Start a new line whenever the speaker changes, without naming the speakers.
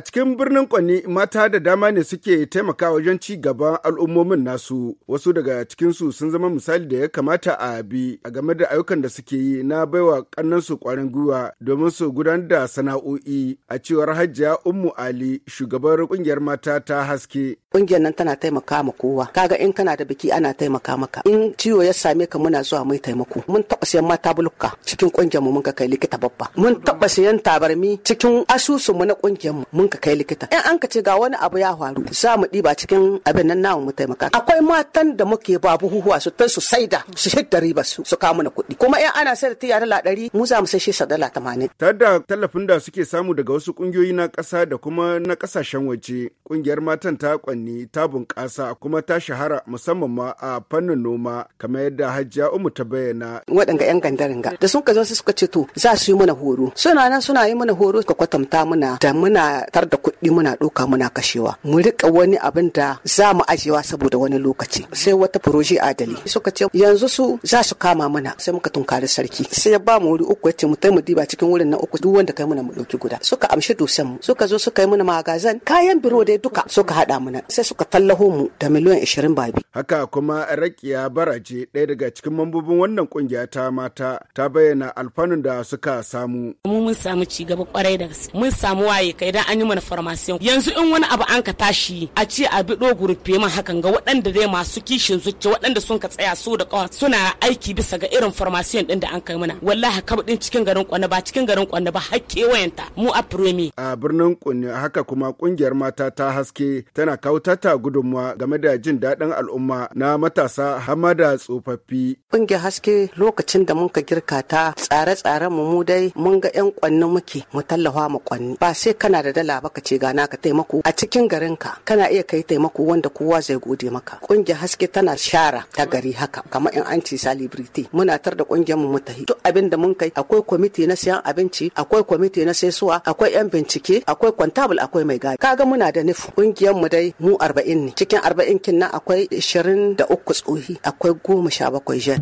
A cikin birnin Kwanni mata da dama ne suke taimakawa wajen ci gaban al'ummomin nasu. Wasu daga cikinsu sun zama misali da ya kamata a bi a game da ayyukan da suke yi na baiwa kannansu kwarin gwiwa domin su gudanar da sana'o'i. A cewar Hajiya Ummu Ali, shugabar kungiyar mata ta haske. kungiyar nan tana taimaka ma kowa kaga in kana da biki ana taimaka maka in ciwo ya
same ka muna zuwa mai taimako mun taba sayan mata bulukka cikin kungiyar mu mun ka kai likita babba mun taba sayan tabarmi cikin asusun mu na kungiyar mu mun ka kai likita in an ka ce ga wani abu ya faru za mu diba cikin abin nan namu mu taimaka akwai matan da muke ba buhuhuwa su tai su saida su hidda riba su su kawo
mana kuɗi kuma in ana sayar da la dala ɗari mu za mu sai shi sa dala tamanin. tada tallafin da suke samu daga wasu kungiyoyi na ƙasa da kuma na ƙasashen waje kungiyar matan ta zamani ta bunƙasa kuma ta shahara musamman ma a fannin noma kamar yadda hajjiya Umu ta bayyana. Waɗanga 'yan gandaringa da sun ka zo suka ce to za su yi mana horo.
Suna nan suna yi mana horo ka kwatanta muna da muna tar da kuɗi muna ɗoka muna kashewa. Mu riƙa wani abin da za mu ajewa saboda wani lokaci. Sai wata furoji adali. Suka ce yanzu su za su kama mana sai muka tunkari sarki. Sai ya ba mu wuri uku ya ce mu tai mu diba cikin wurin na uku duk wanda kai muna mu ɗauki guda. Suka amshi dusan mu. Suka zo suka yi mana magazan kayan biro dai duka suka haɗa mana sai suka tallaho mu da miliyan 20 bi.
Haka kuma Rakiya Baraje ɗaya daga cikin mambobin wannan kungiya ta mata ta bayyana alfanun da suka samu.
Mu mun samu ci kwarai da gaske. Mun samu waye kai idan an yi mana farmasiyon. Yanzu in wani abu an ka tashi a ce a bi dogurin fema hakan ga waɗanda dai masu kishin zuci waɗanda sun ka tsaya su da kawai suna aiki bisa ga irin farmasiyon ɗin da an kai mana. Wallahi kaba ɗin cikin garin Kwanne ba cikin garin Kwanne ba hakke
wayanta mu a A birnin Kwanne haka kuma kungiyar mata ta haske tana kawo kawo ta gudunmuwa game da jin daɗin al'umma na matasa hamada tsofaffi. Ƙungiyar haske lokacin da muka girka ta tsare-tsare mu mu dai mun ga 'yan kwanni
muke mu tallafa mu kwanni ba sai kana da dala ba ka ce gana ka taimako a cikin garin ka kana iya kai taimako wanda kowa zai gode maka. Ƙungiyar haske tana shara ta gari haka kamar in an ci celebrity muna tar da ƙungiyar mu mu tafi. duk abin da mun kai akwai kwamiti na siyan abinci akwai kwamiti na saisuwa akwai 'yan bincike akwai kwantabul akwai mai gadi kaga muna da nufi ƙungiyar mu dai mu mu arba'in ne cikin arba'in kin nan akwai ishirin da uku tsohi akwai goma sha bakwai jan.